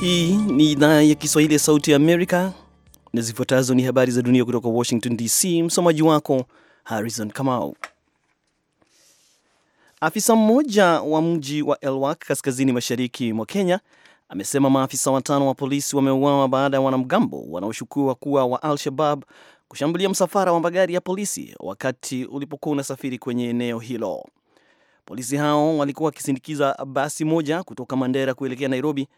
Hii ni idhaa ya Kiswahili ya Sauti ya Amerika na zifuatazo ni habari za dunia kutoka Washington DC. Msomaji wako Harrison Kamau. Afisa mmoja wa mji wa Elwak kaskazini mashariki mwa Kenya amesema maafisa watano wa polisi wameuawa baada ya wanamgambo wanaoshukiwa kuwa wa Al-Shabab kushambulia msafara wa magari ya polisi wakati ulipokuwa unasafiri kwenye eneo hilo. Polisi hao walikuwa wakisindikiza basi moja kutoka Mandera kuelekea Nairobi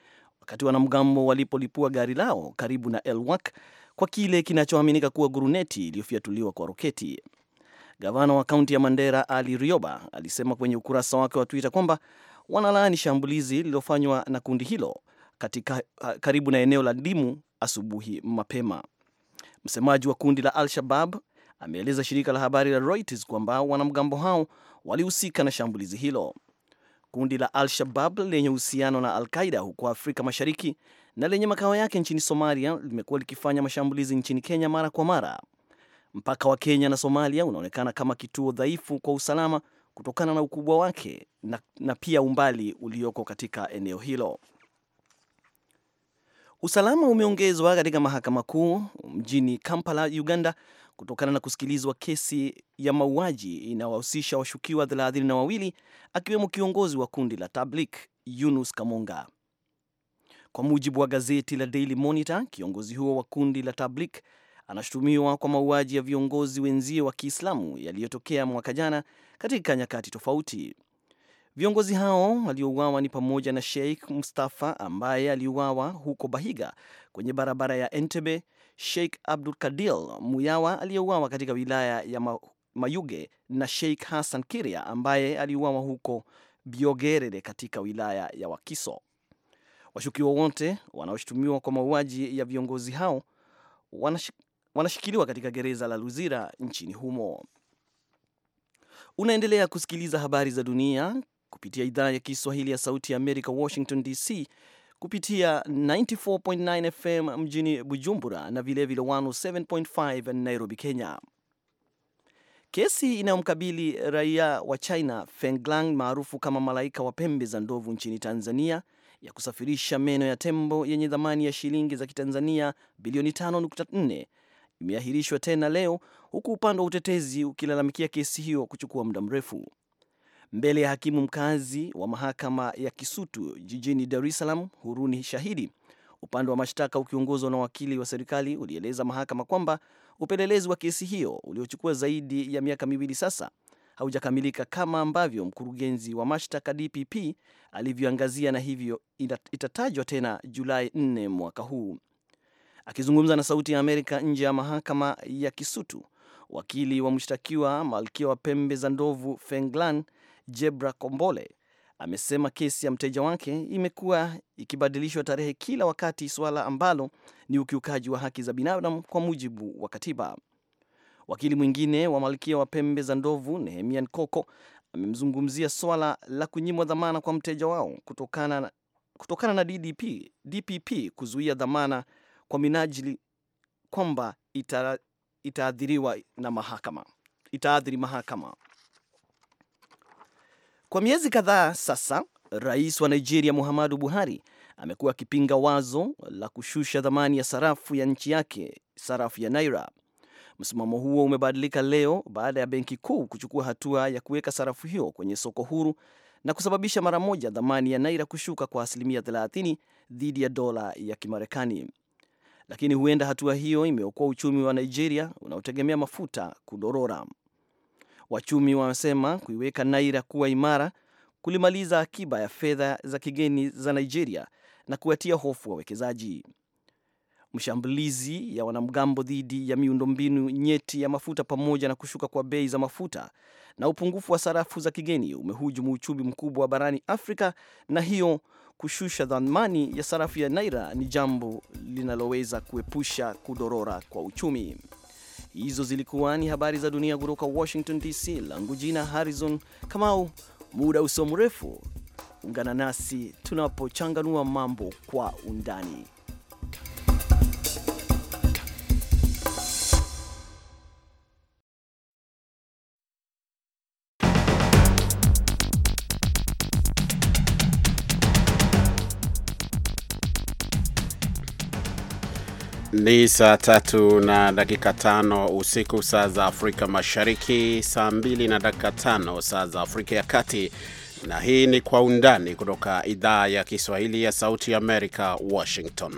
wakati wanamgambo walipolipua gari lao karibu na Elwak kwa kile kinachoaminika kuwa guruneti iliyofyatuliwa kwa roketi. Gavana wa kaunti ya Mandera Ali Rioba alisema kwenye ukurasa wake wa Twitter kwamba wanalaani shambulizi lililofanywa na kundi hilo katika karibu na eneo la Dimu asubuhi mapema. Msemaji wa kundi la Al-Shabab ameeleza shirika la habari la Reuters kwamba wanamgambo hao walihusika na shambulizi hilo. Kundi la Al-Shabab lenye uhusiano na Al-Qaida huko Afrika Mashariki na lenye makao yake nchini Somalia limekuwa likifanya mashambulizi nchini Kenya mara kwa mara. Mpaka wa Kenya na Somalia unaonekana kama kituo dhaifu kwa usalama kutokana na ukubwa wake na, na pia umbali ulioko katika eneo hilo. Usalama umeongezwa katika mahakama kuu mjini Kampala, Uganda kutokana na kusikilizwa kesi ya mauaji inawahusisha washukiwa thelathini na wawili akiwemo kiongozi wa kundi la Tablik Yunus Kamonga. Kwa mujibu wa gazeti la Daily Monitor, kiongozi huo wa kundi la Tablik anashutumiwa kwa mauaji ya viongozi wenzie wa Kiislamu yaliyotokea mwaka jana katika nyakati tofauti. Viongozi hao waliouawa ni pamoja na Sheikh Mustafa ambaye aliuawa huko Bahiga kwenye barabara ya Entebbe, Sheikh Abdul kadil Muyawa aliyeuawa katika wilaya ya Mayuge na Sheikh Hassan Kiria ambaye aliuawa huko Biogerere katika wilaya ya Wakiso. Washukiwa wote wanaoshutumiwa kwa mauaji ya viongozi hao wanashikiliwa katika gereza la Luzira nchini humo. Unaendelea kusikiliza habari za dunia kupitia idhaa ya Kiswahili ya Sauti ya Amerika, Washington DC, kupitia 94.9 FM mjini Bujumbura na vilevile 107.5 Nairobi, Kenya. Kesi inayomkabili raia wa China Fenglang maarufu kama malaika wa pembe za ndovu nchini Tanzania ya kusafirisha meno ya tembo yenye thamani ya shilingi za Kitanzania bilioni 5.4 imeahirishwa tena leo, huku upande wa utetezi ukilalamikia kesi hiyo kuchukua muda mrefu mbele ya hakimu mkazi wa mahakama ya Kisutu jijini Dar es Salaam, Huruni Shahidi. Upande wa mashtaka ukiongozwa na wakili wa serikali ulieleza mahakama kwamba upelelezi wa kesi hiyo uliochukua zaidi ya miaka miwili sasa haujakamilika kama ambavyo mkurugenzi wa mashtaka DPP alivyoangazia, na hivyo itatajwa tena Julai 4 mwaka huu. Akizungumza na Sauti ya Amerika nje ya mahakama ya Kisutu, wakili wa mshtakiwa Malkia wa Pembe za Ndovu Fenglan Jebra Kombole amesema kesi ya mteja wake imekuwa ikibadilishwa tarehe kila wakati, suala ambalo ni ukiukaji wa haki za binadamu kwa mujibu wa katiba. Wakili mwingine wa malkia wa pembe za ndovu Nehemia Nkoko amemzungumzia swala la kunyimwa dhamana kwa mteja wao kutokana na, kutokana na DDP, DPP kuzuia dhamana kwa minajili kwamba ita, na mahakama itaadhiri mahakama. Kwa miezi kadhaa sasa, rais wa Nigeria Muhammadu Buhari amekuwa akipinga wazo la kushusha dhamani ya sarafu ya nchi yake, sarafu ya naira. Msimamo huo umebadilika leo baada ya benki kuu kuchukua hatua ya kuweka sarafu hiyo kwenye soko huru na kusababisha mara moja dhamani ya naira kushuka kwa asilimia 30 dhidi ya dola ya Kimarekani. Lakini huenda hatua hiyo imeokoa uchumi wa Nigeria unaotegemea mafuta kudorora. Wachumi wanasema kuiweka naira kuwa imara kulimaliza akiba ya fedha za kigeni za Nigeria na kuwatia hofu wawekezaji. Mshambulizi ya wanamgambo dhidi ya miundombinu nyeti ya mafuta pamoja na kushuka kwa bei za mafuta na upungufu wa sarafu za kigeni umehujumu uchumi mkubwa barani Afrika, na hiyo kushusha dhamani ya sarafu ya naira ni jambo linaloweza kuepusha kudorora kwa uchumi. Hizo zilikuwa ni habari za dunia kutoka Washington DC. Langu jina Harrison Kamau. Muda usio mrefu ungana nasi tunapochanganua mambo kwa undani. Ni saa tatu na dakika tano usiku saa za Afrika Mashariki, saa mbili na dakika tano saa za Afrika ya Kati na hii ni Kwa Undani kutoka idhaa ya Kiswahili ya Sauti ya Amerika, Washington.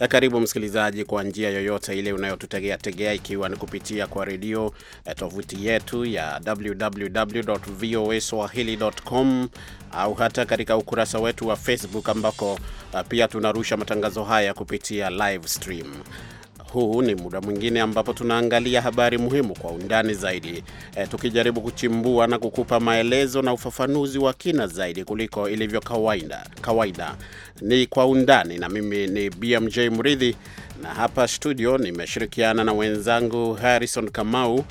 Eh, karibu msikilizaji, kwa njia yoyote ile unayotutegea tegea, ikiwa ni kupitia kwa redio, eh, tovuti yetu ya www voa swahili.com au hata katika ukurasa wetu wa Facebook ambako eh, pia tunarusha matangazo haya kupitia live stream huu ni muda mwingine ambapo tunaangalia habari muhimu kwa undani zaidi, e, tukijaribu kuchimbua na kukupa maelezo na ufafanuzi wa kina zaidi kuliko ilivyo kawaida. Kawaida ni kwa undani, na mimi ni BMJ Mridhi, na hapa studio nimeshirikiana na wenzangu Harrison Kamau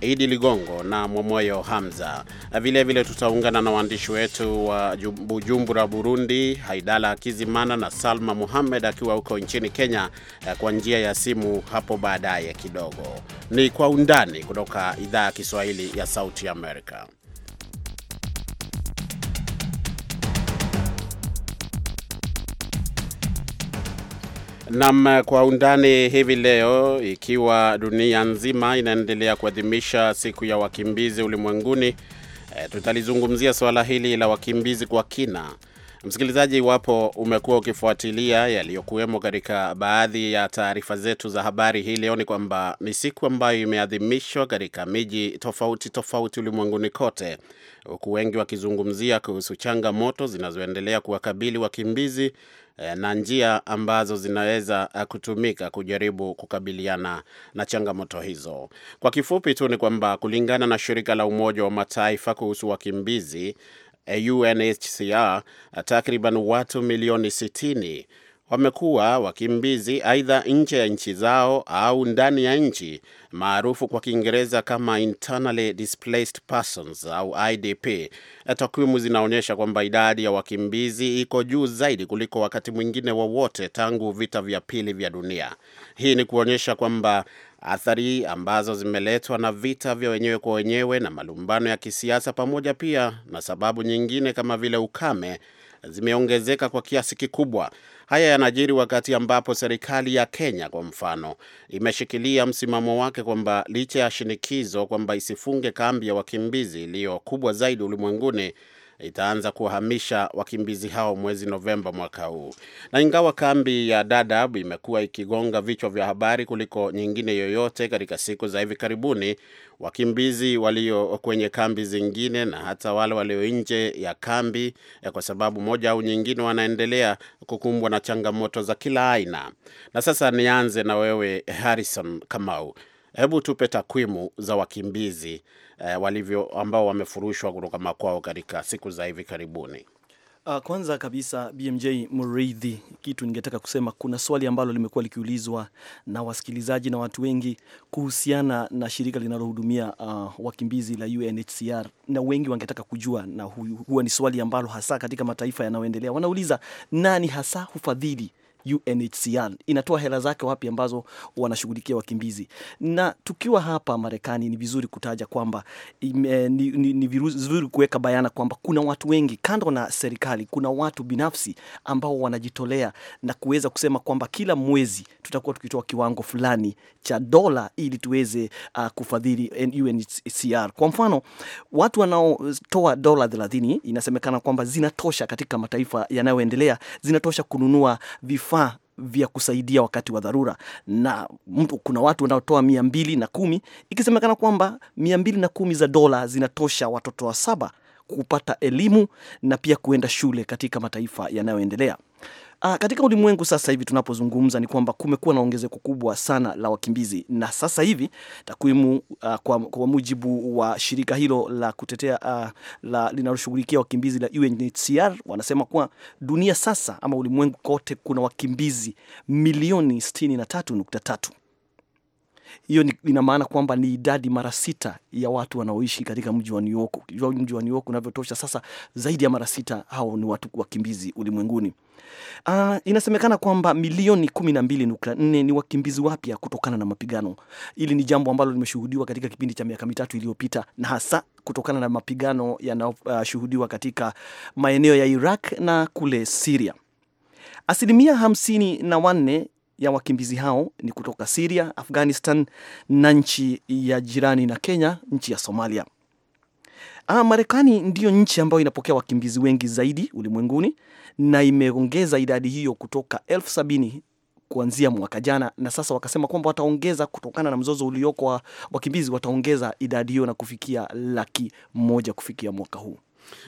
Idi Ligongo na Mwamoyo Hamza. Vilevile vile tutaungana na waandishi wetu wa Bujumbura, Burundi, Haidala Akizimana na Salma Muhammed akiwa huko nchini Kenya eh, kwa njia ya simu hapo baadaye kidogo. Ni kwa undani kutoka idhaa ya Kiswahili ya Sauti Amerika. Nam kwa undani hivi leo, ikiwa dunia nzima inaendelea kuadhimisha siku ya wakimbizi ulimwenguni, e, tutalizungumzia suala hili la wakimbizi kwa kina. Msikilizaji, iwapo umekuwa ukifuatilia yaliyokuwemo katika baadhi ya taarifa zetu za habari hii leo, ni kwamba ni siku ambayo imeadhimishwa katika miji tofauti tofauti ulimwenguni kote, huku wengi wakizungumzia kuhusu changamoto zinazoendelea kuwakabili wakimbizi Eh, na njia ambazo zinaweza eh, kutumika kujaribu kukabiliana na changamoto hizo. Kwa kifupi tu ni kwamba kulingana na shirika la Umoja wa Mataifa kuhusu wakimbizi eh, UNHCR, takriban watu milioni sitini wamekuwa wakimbizi aidha nje ya nchi zao au ndani ya nchi, maarufu kwa Kiingereza kama internally displaced persons au IDP. Takwimu zinaonyesha kwamba idadi ya wakimbizi iko juu zaidi kuliko wakati mwingine wowote wa tangu vita vya pili vya dunia. Hii ni kuonyesha kwamba athari ambazo zimeletwa na vita vya wenyewe kwa wenyewe na malumbano ya kisiasa, pamoja pia na sababu nyingine kama vile ukame zimeongezeka kwa kiasi kikubwa. Haya yanajiri wakati ambapo serikali ya Kenya kwa mfano imeshikilia msimamo wake kwamba licha ya shinikizo kwamba isifunge kambi ya wakimbizi iliyo kubwa zaidi ulimwenguni itaanza kuwahamisha wakimbizi hao mwezi Novemba mwaka huu. Na ingawa kambi ya Dadaab imekuwa ikigonga vichwa vya habari kuliko nyingine yoyote katika siku za hivi karibuni, wakimbizi walio kwenye kambi zingine na hata wale walio nje ya kambi, ya eh, kwa sababu moja au nyingine, wanaendelea kukumbwa na changamoto za kila aina. Na sasa nianze na wewe Harrison Kamau. Hebu tupe takwimu za wakimbizi eh, walivyo ambao wamefurushwa kutoka makwao katika siku za hivi karibuni. Ah, kwanza kabisa BMJ mridhi kitu ningetaka kusema, kuna swali ambalo limekuwa likiulizwa na wasikilizaji na watu wengi kuhusiana na shirika linalohudumia uh, wakimbizi la UNHCR, na wengi wangetaka kujua, na huwa ni swali ambalo hasa katika mataifa yanayoendelea wanauliza, nani hasa hufadhili UNHCR inatoa hela zake wapi ambazo wanashughulikia wakimbizi. Na tukiwa hapa Marekani, ni vizuri kutaja kwamba ime, ni, ni, ni vizuri kuweka bayana kwamba kuna watu wengi kando na serikali, kuna watu binafsi ambao wanajitolea na kuweza kusema kwamba kila mwezi tutakuwa tukitoa kiwango fulani cha dola ili tuweze uh, kufadhili UNHCR. Kwa mfano, watu wanaotoa dola 30 inasemekana kwamba zinatosha katika mataifa yanayoendelea, zinatosha kununua vifaa vifaa vya kusaidia wakati wa dharura, na kuna watu wanaotoa mia mbili na kumi ikisemekana kwamba mia mbili na kumi za dola zinatosha watoto wa saba kupata elimu na pia kuenda shule katika mataifa yanayoendelea. Ah, katika ulimwengu sasa hivi tunapozungumza ni kwamba kumekuwa na ongezeko kubwa sana la wakimbizi, na sasa hivi takwimu uh, kwa, kwa mujibu wa shirika hilo la kutetea uh, la linaloshughulikia wakimbizi la UNHCR wanasema kuwa dunia sasa ama ulimwengu kote kuna wakimbizi milioni 63.3 hiyo ina maana kwamba ni idadi mara sita ya watu wanaoishi katika mji wa New York. Ukijua mji wa New York unavyotosha sasa, zaidi ya mara sita hao ni watu wakimbizi ulimwenguni. Uh, inasemekana kwamba milioni kumi na mbili nukta nne ni wakimbizi wapya kutokana na mapigano. Hili ni jambo ambalo limeshuhudiwa katika kipindi cha miaka mitatu iliyopita na hasa kutokana na mapigano yanayoshuhudiwa katika maeneo ya Iraq na kule Siria. Asilimia hamsini na wanne ya wakimbizi hao ni kutoka Siria, Afghanistan na nchi ya jirani na Kenya, nchi ya Somalia. Ah, Marekani ndiyo nchi ambayo inapokea wakimbizi wengi zaidi ulimwenguni na imeongeza idadi hiyo kutoka elfu sabini kuanzia mwaka jana, na sasa wakasema kwamba wataongeza kutokana na mzozo ulioko wa wakimbizi, wataongeza idadi hiyo na kufikia laki moja kufikia mwaka huu.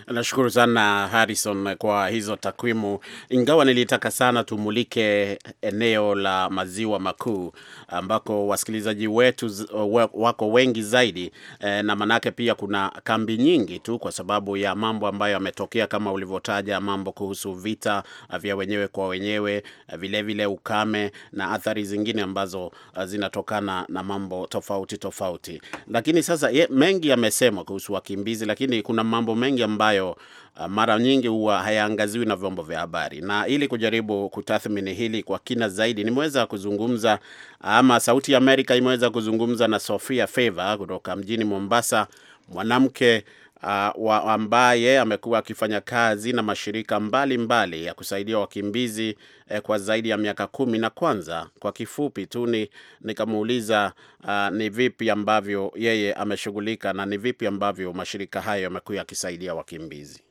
Nashukuru sana Harrison kwa hizo takwimu, ingawa nilitaka sana tumulike eneo la maziwa makuu ambako wasikilizaji wetu uh, wako wengi zaidi e, na manake pia kuna kambi nyingi tu, kwa sababu ya mambo ambayo yametokea kama ulivyotaja, mambo kuhusu vita uh, vya wenyewe kwa wenyewe, vilevile uh, vile ukame na athari zingine ambazo zinatokana na mambo tofauti tofauti. Lakini sasa ye, mengi yamesemwa kuhusu wakimbizi, lakini kuna mambo mengi ambayo uh, mara nyingi huwa hayaangaziwi na vyombo vya habari. Na ili kujaribu kutathmini hili kwa kina zaidi, nimeweza kuzungumza ama Sauti ya Amerika imeweza kuzungumza na Sofia Favor kutoka mjini Mombasa, mwanamke uh, ambaye amekuwa akifanya kazi na mashirika mbalimbali mbali ya kusaidia wakimbizi eh, kwa zaidi ya miaka kumi. Na kwanza kwa kifupi tu nikamuuliza uh, ni vipi ambavyo yeye ameshughulika na ni vipi ambavyo mashirika hayo yamekuwa yakisaidia wakimbizi.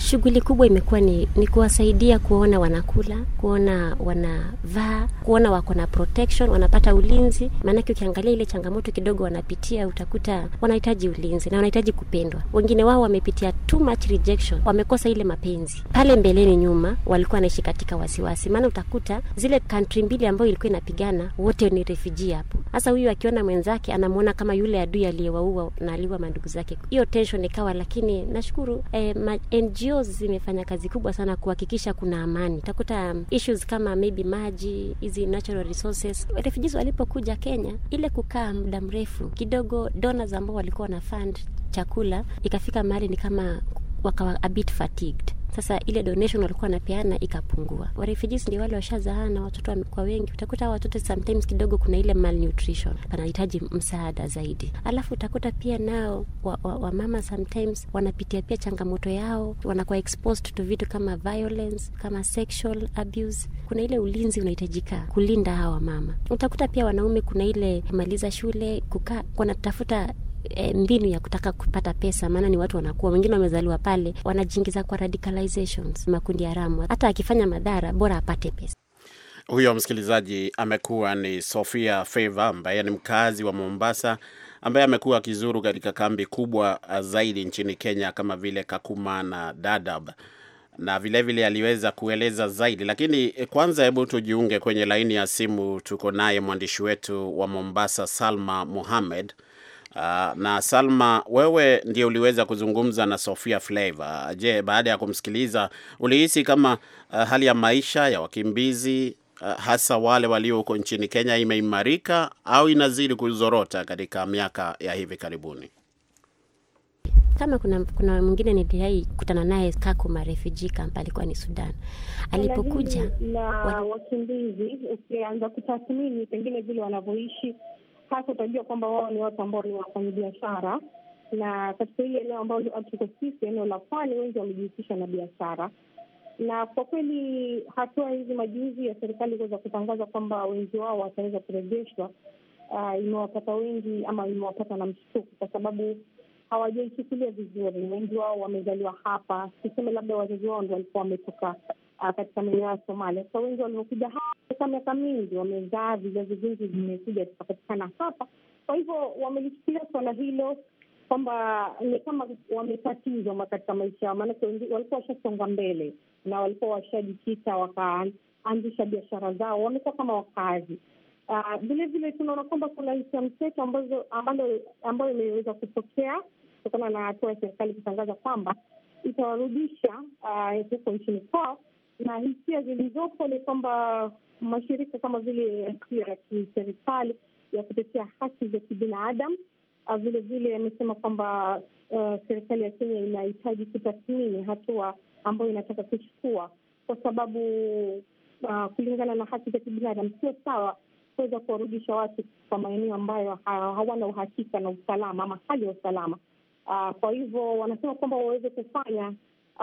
Shughuli kubwa imekuwa ni, ni kuwasaidia kuona wanakula, kuona wanavaa, kuona wako na protection, wanapata ulinzi. Maanake ukiangalia ile changamoto kidogo wanapitia, utakuta wanahitaji ulinzi na wanahitaji kupendwa. Wengine wao wamepitia too much rejection, wamekosa ile mapenzi pale mbeleni. Nyuma walikuwa wanaishi katika wasiwasi, maana utakuta zile country mbili ambayo ilikuwa inapigana, wote ni refugee hapo. Sasa huyu akiona mwenzake anamwona kama yule adui aliyewaua na aliua mandugu zake, hiyo tension ikawa. Lakini nashukuru eh, ma NGO NGOs zimefanya kazi kubwa sana kuhakikisha kuna amani. Utakuta um, issues kama maybe maji, hizi natural resources. Refugees walipokuja Kenya, ile kukaa muda mrefu kidogo, donors ambao walikuwa na fund chakula, ikafika mahali ni kama wakawa a bit fatigued sasa ile donation walikuwa wanapeana ikapungua. Warefugees ndio wale washazaana, watoto wamekuwa wengi, utakuta watoto sometimes kidogo kuna ile malnutrition, panahitaji msaada zaidi. Alafu utakuta pia nao wamama wa, wa sometimes wanapitia pia changamoto yao, wanakuwa exposed to vitu kama violence, kama sexual abuse. Kuna ile ulinzi unahitajika kulinda hawa mama. Utakuta pia wanaume kuna ile kumaliza shule, kukaa wanatafuta e, mbinu ya kutaka kupata pesa, maana ni watu wanakuwa wengine wamezaliwa pale, wanajiingiza kwa radicalizations, makundi haramu. Hata akifanya madhara, bora apate pesa. Huyo msikilizaji amekuwa ni Sofia Feva ambaye ni mkazi wa Mombasa ambaye amekuwa akizuru katika kambi kubwa zaidi nchini Kenya kama vile Kakuma na Dadaab na vilevile aliweza kueleza zaidi, lakini eh, kwanza, hebu tujiunge kwenye laini ya simu. Tuko naye mwandishi wetu wa Mombasa, Salma muhammed Uh, na Salma, wewe ndio uliweza kuzungumza na Sofia Flavor. Je, baada ya kumsikiliza ulihisi kama uh, hali ya maisha ya wakimbizi uh, hasa wale walio huko nchini Kenya imeimarika au inazidi kuzorota katika miaka ya hivi karibuni? Kama kuna, kuna mwingine niliwahi kutana naye Kakuma refugee camp, alikuwa ni Sudan. Alipokuja na wakimbizi, ukianza kutathmini pengine vile wanavyoishi hasa utajua kwamba wao ni watu ambao ni wafanyabiashara, na katika hili eneo ambao tuko sisi, eneo la pwani, wengi wamejihusisha na biashara. Na kwa kweli hatua hizi majuzi ya serikali kuweza kutangaza kwamba wengi wao wataweza kurejeshwa, uh, imewapata wengi ama imewapata na mshtuko, kwa sababu hawajaichukulia vizuri. Wengi wao wamezaliwa hapa, tuseme labda wazazi wao ndo walikuwa wametoka katika maeneo ya Somalia. So wengi waliokuja hapa katika miaka mingi wamezaa, vizazi vingi vimekuja vikapatikana hapa. Kwa hivyo wamelichukulia suala hilo kwamba ni kama wametatizwa katika maisha yao, maanake walikuwa washasonga mbele na walikuwa washajikita, wakaanzisha biashara zao, wamekuwa kama wakazi ah, vilevile. Uh, tunaona kwamba kuna hisia mseto ambayo imeweza kutokea kutokana na hatua ya serikali kutangaza kwamba itawarudisha ah, huko uh, nchini kwao na hisia zilizopo ni kwamba mashirika kama vile yasio ya kiserikali ya kutetea haki za kibinadamu vilevile ah, amesema kwamba uh, serikali ya Kenya inahitaji kutathmini hatua ambayo inataka kuchukua, kwa sababu uh, kulingana na haki za kibinadamu sio sawa kuweza kuwarudisha watu kwa maeneo ambayo hawana uhakika na usalama ama hali ya usalama. Uh, kwa hivyo wanasema kwamba waweze kufanya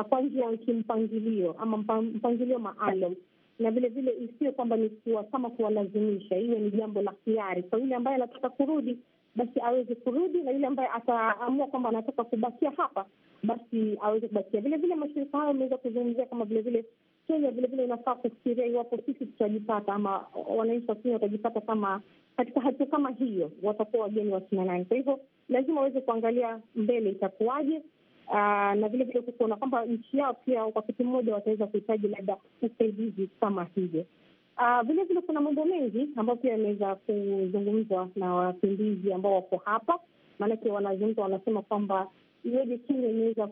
kwa njia ya kimpangilio ama mpangilio maalum, na vilevile isiyo kwamba ni kuwa kama kuwalazimisha. Hiyo ni jambo la hiari kwa so, yule ambaye anataka kurudi basi aweze kurudi, na yule ambaye ataamua kwamba anataka kubakia hapa basi aweze kubakia. vile mashirika hayo ameweza kuzungumzia kama vile Kenya vile inafaa kufikiria iwapo sisi tutajipata ama wananchi wa Kenya watajipata kama katika hatua kama hiyo, watakuwa wageni wa kina nani. Kwa hivyo lazima waweze kuangalia mbele itakuwaje, Ah, na vile vile kukuona kwamba nchi yao pia wakati mmoja wataweza kuhitaji labda usaidizi kama hivyo. Ah, vile vile kuna mambo mengi ambayo pia yameweza kuzungumzwa na wakimbizi ambao wako hapa, maanake wanazungumza, wanasema kwamba iweje Kenya imeweza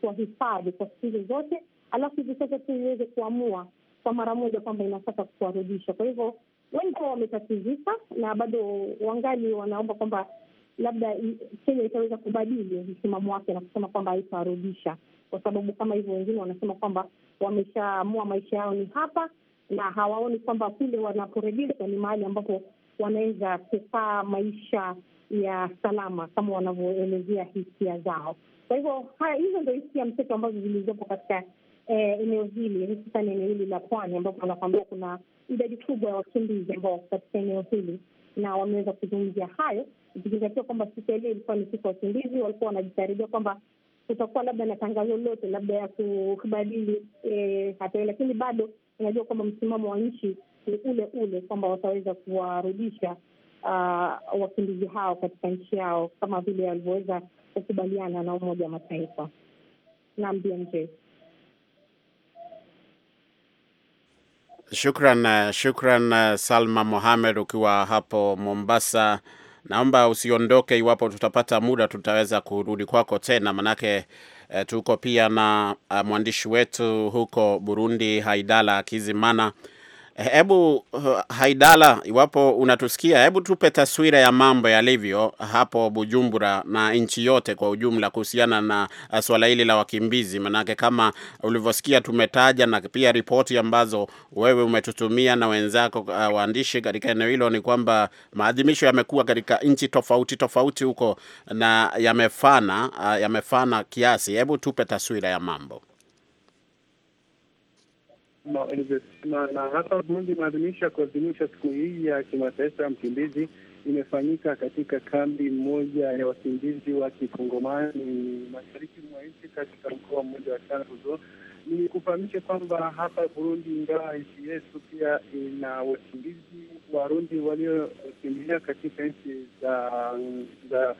kuwahifadhi kwa siku zote, alafu hivi sasa tu iweze kuamua kwa mara moja kwamba inataka kuwarudisha. Kwa hivyo wengi wao wametatizika na bado wangali wanaomba kwamba labda Kenya itaweza kubadili msimamo wake na kusema kwamba haitarudisha, kwa sababu kama hivyo, wengine wanasema kwamba wameshaamua maisha yao ni hapa na hawaoni kwamba kule wanaporegeshwa ni mahali ambapo wanaweza kukaa maisha ya salama kama wanavyoelezea hisia zao. Kwa hivyo haya, hizo ndo hisia mseto ambazo zilizopo katika eh, eneo hili, hususan eneo hili la pwani, ambapo wanakwambia kuna idadi kubwa ya wakimbizi ambao katika eneo hili, na wameweza kuzungumzia hayo ikizingatiwa kwamba siku ya leo ilikuwa ni siku ya wakimbizi, walikuwa wanajitarajia kwamba kutakuwa labda na tangazo lolote labda ya kubadili e, hata hiyo, lakini bado unajua kwamba msimamo wa nchi ni ule ule kwamba wataweza kuwarudisha uh, wakimbizi hao katika nchi yao kama vile walivyoweza kukubaliana na Umoja wa Mataifa. Naam, BMJ. Shukran, shukran Salma Mohamed ukiwa hapo Mombasa. Naomba usiondoke, iwapo tutapata muda tutaweza kurudi kwako tena, manake e, tuko pia na eh, mwandishi wetu huko Burundi Haidala Kizimana Eh, hebu eh, Haidala, iwapo unatusikia, hebu tupe taswira ya mambo yalivyo hapo Bujumbura na nchi yote kwa ujumla kuhusiana na eh, swala hili la wakimbizi, manake kama ulivyosikia tumetaja, na pia ripoti ambazo wewe umetutumia na wenzako uh, waandishi katika eneo hilo, ni kwamba maadhimisho yamekuwa katika nchi tofauti tofauti huko na yamefana, uh, yamefana kiasi. Hebu tupe taswira ya mambo. Na hapa Burundi, maadhimisho ya kuadhimisha siku hii ya kimataifa ya mkimbizi imefanyika katika kambi moja ya wakimbizi wa kikongomani mashariki mwa nchi katika mkoa mmoja wa Cankuzo. Ni kufahamisha kwamba hapa Burundi, ingawa nchi yetu pia ina wakimbizi Warundi waliokimbilia katika nchi za za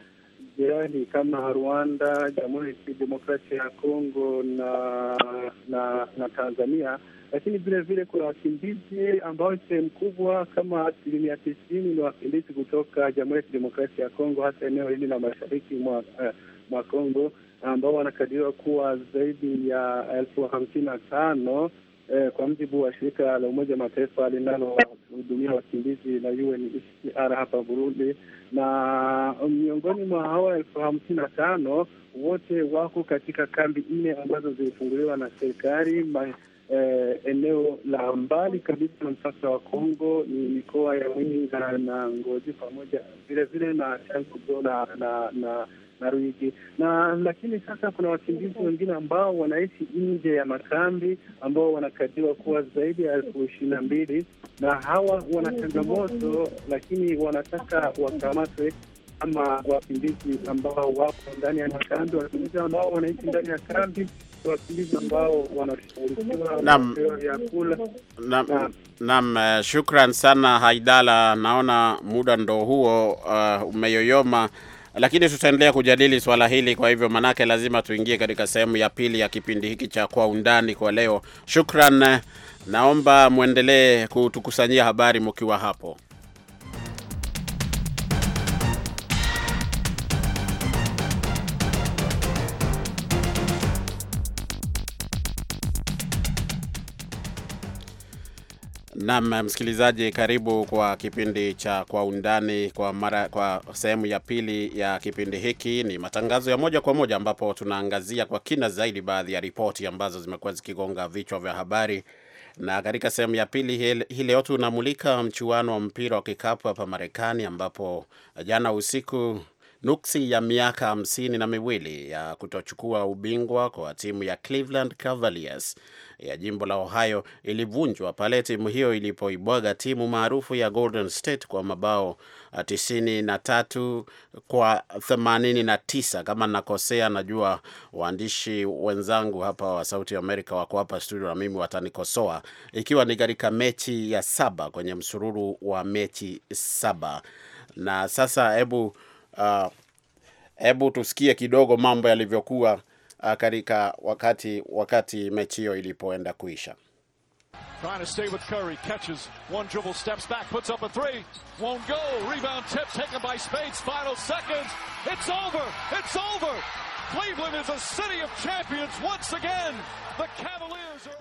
jirani kama Rwanda, Jamhuri ya Kidemokrasia ya Kongo na, na na Tanzania, lakini vile vile kuna wakimbizi ambao sehemu kubwa kama asilimia tisini ni wakimbizi kutoka Jamhuri ya Kidemokrasia ya Kongo, hasa eneo hili la mashariki mwa, eh, mwa Kongo ambao wanakadiriwa kuwa zaidi ya elfu hamsini na tano eh, kwa mjibu wa shirika la Umoja Mataifa linalohudumia wakimbizi la UNHCR hapa Burundi, na miongoni mwa hawa elfu hamsini na tano wote wako katika kambi nne ambazo zilifunguliwa na serikali eh, eneo la mbali kabisa na mpaka wa Kongo ni mikoa ya Muyinga na Ngozi pamoja vilevile na Chankuzo na na Msumbiji na lakini sasa kuna wakimbizi wengine ambao wanaishi nje ya makambi ambao wanakadiwa kuwa zaidi ya elfu ishirini na mbili na hawa wana changamoto, lakini wanataka wakamatwe ama wakimbizi ambao wako ndani ya makambi, wakimbizi ambao wanaishi ndani ya kambi Naam, na, eh, shukran sana Haidala. Naona muda ndo huo, uh, umeyoyoma lakini tutaendelea kujadili swala hili, kwa hivyo manake lazima tuingie katika sehemu ya pili ya kipindi hiki cha Kwa Undani kwa leo. Shukran, naomba mwendelee kutukusanyia habari mkiwa hapo. nam msikilizaji, karibu kwa kipindi cha kwa undani kwa mara kwa sehemu ya pili ya kipindi hiki. Ni matangazo ya moja kwa moja ambapo tunaangazia kwa kina zaidi baadhi ya ripoti ambazo zimekuwa zikigonga vichwa vya habari, na katika sehemu ya pili hii leo tunamulika mchuano wa mpira wa kikapu hapa Marekani ambapo jana usiku nuksi ya miaka hamsini na miwili ya kutochukua ubingwa kwa timu ya Cleveland Cavaliers ya jimbo la Ohio ilivunjwa pale timu hiyo ilipoibwaga timu maarufu ya Golden State kwa mabao 93 uh, kwa 89 Kama nakosea, najua waandishi wenzangu hapa wa Sauti Amerika wako hapa studio na mimi watanikosoa, ikiwa ni katika mechi ya saba kwenye msururu wa mechi saba. Na sasa hebu uh, hebu tusikie kidogo mambo yalivyokuwa Uh, katika wakati wakati mechi hiyo ilipoenda kuisha.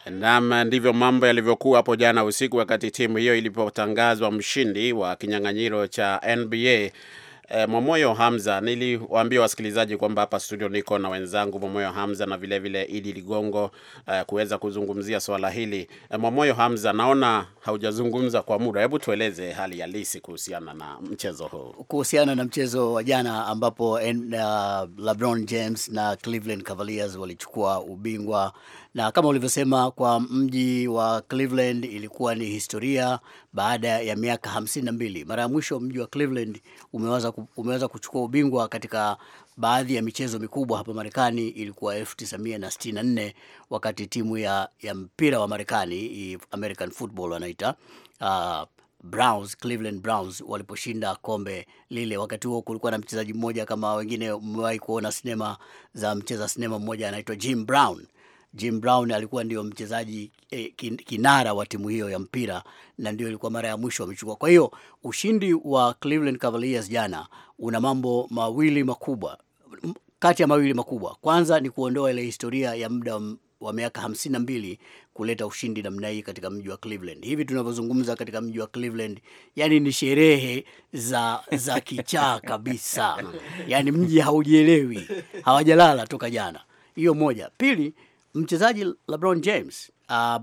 Naam, um, ndivyo mambo yalivyokuwa hapo jana usiku, wakati timu hiyo ilipotangazwa mshindi wa kinyang'anyiro cha NBA eh, Mwamoyo Hamza, niliwaambia wasikilizaji kwamba hapa studio niko na wenzangu Mwamoyo Hamza na vilevile vile Idi Ligongo eh, kuweza kuzungumzia swala hili eh, Mwamoyo Hamza, naona haujazungumza kwa muda, hebu tueleze hali halisi kuhusiana na mchezo huu, kuhusiana na mchezo wa jana ambapo en, uh, LeBron James na Cleveland Cavaliers walichukua ubingwa na kama ulivyosema kwa mji wa Cleveland ilikuwa ni historia baada ya miaka hamsini na mbili. Mara ya mwisho mji wa Cleveland umeweza, umeweza kuchukua ubingwa katika baadhi ya michezo mikubwa hapa Marekani ilikuwa 1964 wakati timu ya, ya mpira wa Marekani American football wanaita uh, Browns, Cleveland Browns waliposhinda kombe lile. Wakati huo kulikuwa na mchezaji mmoja, kama wengine mmewahi kuona sinema za mcheza sinema mmoja anaitwa Jim Brown Jim Brown alikuwa ndio mchezaji eh, kinara wa timu hiyo ya mpira na ndio ilikuwa mara ya mwisho wamechukua. Kwa hiyo ushindi wa Cleveland Cavaliers jana una mambo mawili makubwa, kati ya mawili makubwa. Kwanza ni kuondoa ile historia ya muda wa miaka hamsini na mbili kuleta ushindi namna hii katika mji wa Cleveland. Hivi tunavyozungumza katika mji wa Cleveland, yani ni sherehe za, za kichaa kabisa, yani mji haujielewi, hawajalala toka jana. Hiyo moja. Pili mchezaji LeBron James uh,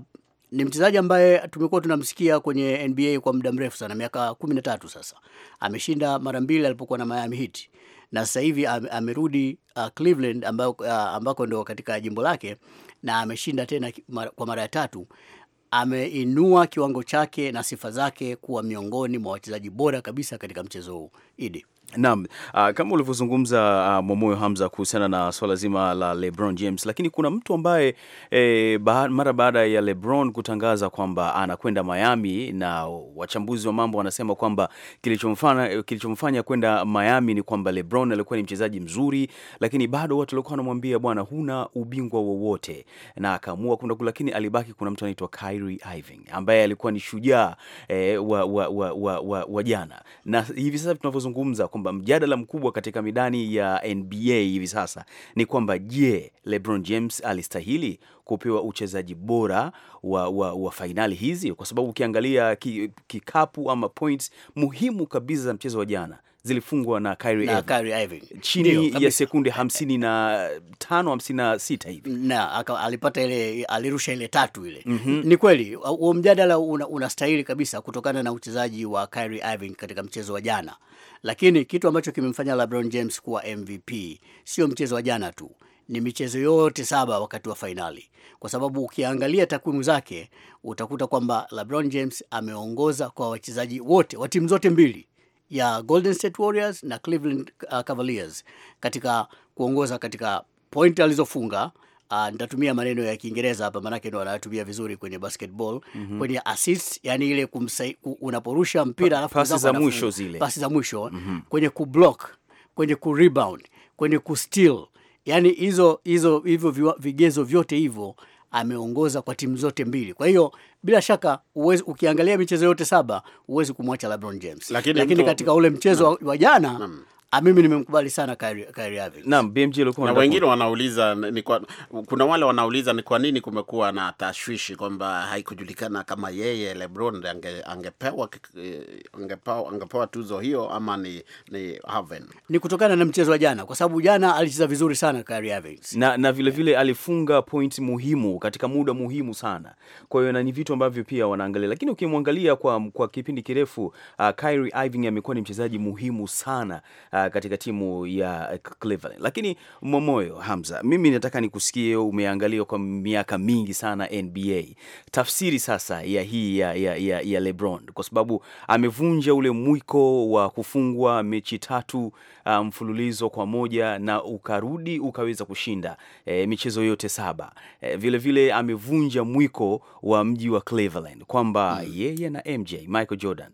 ni mchezaji ambaye tumekuwa tunamsikia kwenye NBA kwa muda mrefu sana, miaka tatu sasa. Ameshinda mara mbili alipokuwa na Miami Heat na sasa hivi amerudi uh, Cleveland ambako, uh, ah, ambako ndo katika jimbo lake na ameshinda tena kwa mara ya tatu. Ameinua kiwango chake na sifa zake kuwa miongoni mwa wachezaji bora kabisa katika mchezo huu Idi. Naam, uh, kama ulivyozungumza uh, Mwamoyo Hamza kuhusiana na swala zima la LeBron James, lakini kuna mtu ambaye e, ba, mara baada ya LeBron kutangaza kwamba anakwenda Miami na wachambuzi wa mambo wanasema kwamba kilichomfanya kilichomfanya kwenda Miami ni kwamba LeBron alikuwa ni mchezaji mzuri, lakini bado watu walikuwa wanamwambia bwana, huna ubingwa wowote, na akaamua kwenda lakini alibaki. Kuna mtu anaitwa Kyrie Irving ambaye alikuwa ni shujaa e, wa, wa, wa, wa, wa, wa jana na hivi sasa tunavyozungumza kwamba mjadala mkubwa katika midani ya NBA hivi sasa ni kwamba je, LeBron James alistahili kupewa uchezaji bora wa, wa, wa fainali hizi? Kwa sababu ukiangalia kikapu ki ama points muhimu kabisa za mchezo wa jana zilifungwa na Kyrie na Kyrie Irving chini Dio, ya sekunde hamsini na tano hamsini na sita hivi na alipata ile alirusha ile tatu ile. mm -hmm. Ni kweli huo mjadala unastahili una kabisa kutokana na uchezaji wa Kyrie Irving katika mchezo wa jana lakini kitu ambacho kimemfanya LeBron James kuwa MVP sio mchezo wa jana tu, ni michezo yote saba wakati wa fainali, kwa sababu ukiangalia takwimu zake utakuta kwamba LeBron James ameongoza kwa wachezaji wote wa timu zote mbili ya Golden State Warriors na Cleveland uh, Cavaliers katika kuongoza katika point alizofunga uh, nitatumia maneno ya Kiingereza hapa manake ndo wanatumia vizuri kwenye basketball mm -hmm. kwenye assist, yani ile kumsai, unaporusha mpira alafu pasi za mwisho zile pasi za mwisho mm -hmm. kwenye kublock, kwenye kurebound, kwenye kusteal, yani hizo hizo hivyo vigezo vyote hivyo ameongoza kwa timu zote mbili. Kwa hiyo bila shaka uwezi, ukiangalia michezo yote saba huwezi kumwacha LeBron James, lakini, lakini mtu... katika ule mchezo wa jana Ah, mimi nimemkubali sana Kyrie Irving. Naam, BMG ulikuwa na wengine wanauliza ni kwa, kuna wale wanauliza ni kwa nini kumekuwa na tashwishi kwamba haikujulikana kama yeye LeBron ange, angepewa, angepewa, angepewa tuzo hiyo ama ni ni Harden. Ni kutokana na mchezo wa jana kwa sababu jana alicheza vizuri sana Kyrie Irving. Na na vile vile alifunga point muhimu katika muda muhimu sana. Kwa hiyo na ni vitu ambavyo pia wanaangalia. Lakini ukimwangalia kwa kwa kipindi kirefu uh, Kyrie Irving amekuwa ni mchezaji muhimu sana uh, Uh, katika timu ya uh, Cleveland. Lakini Momoyo Hamza, mimi nataka nikusikie, umeangalia kwa miaka mingi sana NBA, tafsiri sasa ya hii ya, ya, ya, ya LeBron kwa sababu amevunja ule mwiko wa kufungwa mechi tatu uh, mfululizo um, kwa moja na ukarudi ukaweza kushinda e, michezo yote saba. E, vile vile amevunja mwiko wa mji wa Cleveland kwamba hmm. yeye na MJ Michael Jordan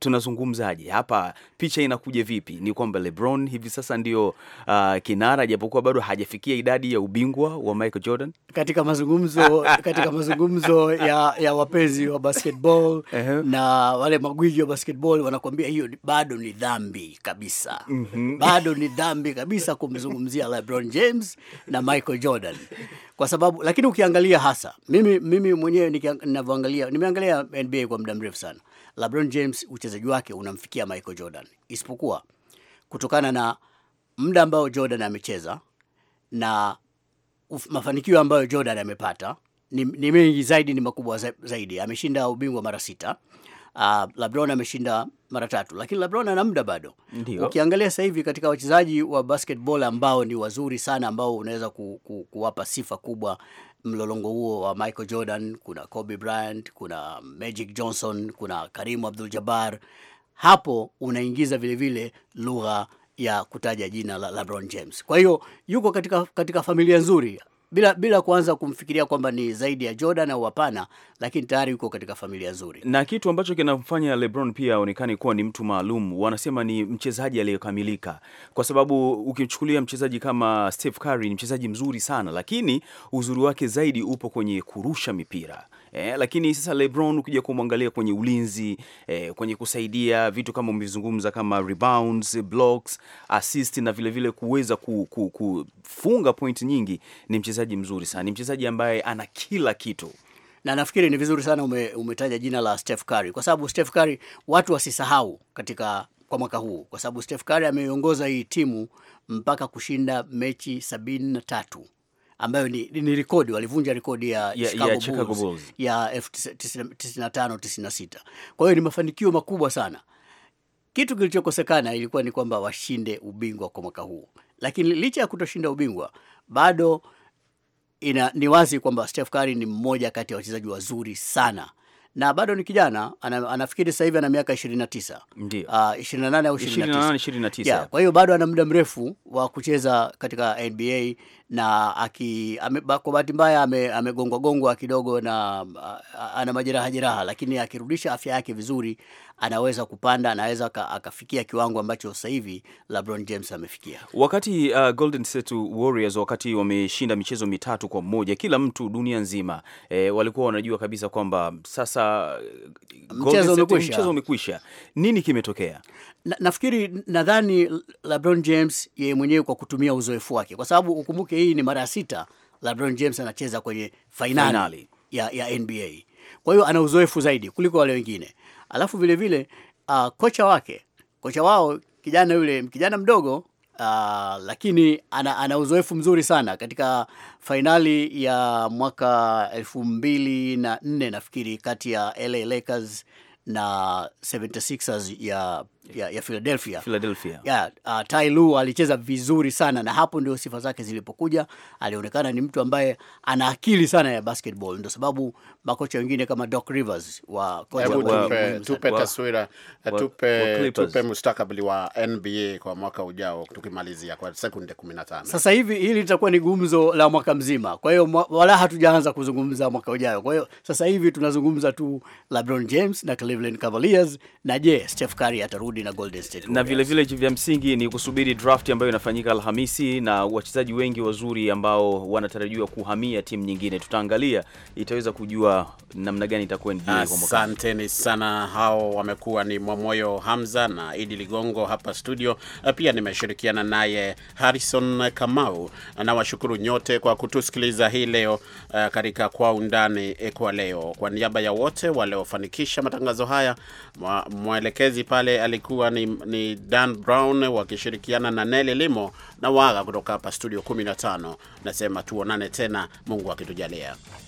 tunazungumzaje hapa, picha inakuja vipi? Ni kwamba LeBron hivi sasa ndio uh, kinara, japokuwa bado hajafikia idadi ya ubingwa wa Michael Jordan. Katika mazungumzo katika mazungumzo ya, ya wapenzi wa basketball na wale magwiji wa basketball wanakuambia hiyo bado ni dhambi kabisa mm -hmm. bado ni dhambi kabisa kumzungumzia LeBron James na Michael Jordan kwa sababu, lakini ukiangalia hasa mimi mimi mwenyewe ninavyoangalia, nimeangalia NBA kwa muda mrefu sana LeBron James uchezaji wake unamfikia Michael Jordan, isipokuwa kutokana na muda ambao Jordan amecheza na mafanikio ambayo Jordan amepata ni, ni mengi zaidi, ni makubwa zaidi. Ameshinda ubingwa mara sita, Uh, LeBron ameshinda mara tatu, lakini LeBron ana muda bado. Ukiangalia sasa hivi katika wachezaji wa basketball ambao ni wazuri sana ambao unaweza ku, ku, kuwapa sifa kubwa mlolongo huo wa Michael Jordan, kuna Kobe Bryant, kuna Magic Johnson, kuna Karim Abdul-Jabbar. Hapo unaingiza vile vile lugha ya kutaja jina la LeBron James. Kwa hiyo yuko katika, katika familia nzuri bila bila kuanza kumfikiria kwamba ni zaidi ya Jordan au hapana, lakini tayari yuko katika familia nzuri, na kitu ambacho kinamfanya LeBron pia aonekane kuwa ni mtu maalum, wanasema ni mchezaji aliyekamilika, kwa sababu ukimchukulia mchezaji kama Steph Curry ni mchezaji mzuri sana, lakini uzuri wake zaidi upo kwenye kurusha mipira eh, lakini sasa LeBron ukija kumwangalia kwenye ulinzi eh, kwenye kusaidia vitu kama umezungumza kama rebounds, blocks, assist na vile vile kuweza kufunga ku, ku, point nyingi, ni mchezaji mzuri sana, ni mchezaji ambaye ana kila kitu na nafikiri ni vizuri sana ume, umetaja jina la Steph Curry kwa sababu Steph Curry watu wasisahau katika kwa mwaka huu, kwa sababu Steph Curry ameiongoza hii timu mpaka kushinda mechi sabini na tatu ambayo ni, ni rekodi, walivunja rekodi ya yeah, Chicago, yeah, Bulls ya 1995 96. Kwa hiyo ni mafanikio makubwa sana. Kitu kilichokosekana ilikuwa ni kwamba washinde ubingwa kwa mwaka huu, lakini licha ya kutoshinda ubingwa bado ina, ni wazi kwamba Steph Curry ni mmoja kati ya wachezaji wazuri sana na bado ni kijana ana, anafikiri sasa hivi ana miaka 29. Ndio. Uh, ah, 28 au 29. 29. Yeah, kwa hiyo bado ana muda mrefu wa kucheza katika NBA na aki kwa bahati mbaya amegongwa ame gongwa kidogo na ana majeraha jeraha, lakini akirudisha afya yake vizuri anaweza kupanda, anaweza akafikia kiwango ambacho sasa hivi LeBron James amefikia. Wakati uh, Golden State Warriors wakati wameshinda michezo mitatu kwa moja, kila mtu dunia nzima e, walikuwa wanajua kabisa kwamba sasa uh, mchezo umekwisha, mchezo umekwisha. Nini kimetokea? Na, nafikiri nadhani LeBron James yeye mwenyewe kwa kutumia uzoefu wake, kwa sababu ukumbuke hii ni mara ya sita LeBron James anacheza kwenye fainali ya, ya NBA. Kwa hiyo ana uzoefu zaidi kuliko wale wengine. Alafu vile vile uh, kocha wake kocha wao kijana yule kijana mdogo uh, lakini ana, ana uzoefu mzuri sana katika fainali ya mwaka elfu mbili na nne nafikiri kati ya LA Lakers na 76ers ya, ya, ya Philadelphia, Philadelphia. Yeah, uh, Ty Lue alicheza vizuri sana na hapo ndio sifa zake zilipokuja. Alionekana ni mtu ambaye ana akili sana ya basketball, ndio sababu makocha wengine kama Doc Rivers wa kocha tupe, tupe taswira tupe, wa tupe mustakabali wa NBA kwa mwaka ujao, tukimalizia kwa sekunde 15. Sasa hivi hili litakuwa ni gumzo la mwaka mzima, kwa hiyo wala hatujaanza kuzungumza mwaka ujao. Kwa hiyo sasa hivi tunazungumza tu LeBron James na Cleveland Cavaliers na je, Steph Curry atarudi na Golden State Warriors. Na vile vile vya msingi ni kusubiri draft ambayo inafanyika Alhamisi na wachezaji wengi wazuri ambao wanatarajiwa kuhamia timu nyingine. Tutaangalia itaweza kujua namna gani itakuwa NBA. Asanteni sana, hao wamekuwa ni Mwamoyo Hamza na Idi Ligongo hapa studio, eh, pia nimeshirikiana naye Harrison Kamau. Nawashukuru nyote kwa kutusikiliza hii leo uh, katika kwa undani eh, kwa leo. Kwa niaba ya wote waliofanikisha matangazo haya, mwelekezi pale alikuwa ni, ni Dan Brown wakishirikiana na Neli Limo na waga kutoka hapa studio 15 nasema tuonane tena, Mungu akitujalia.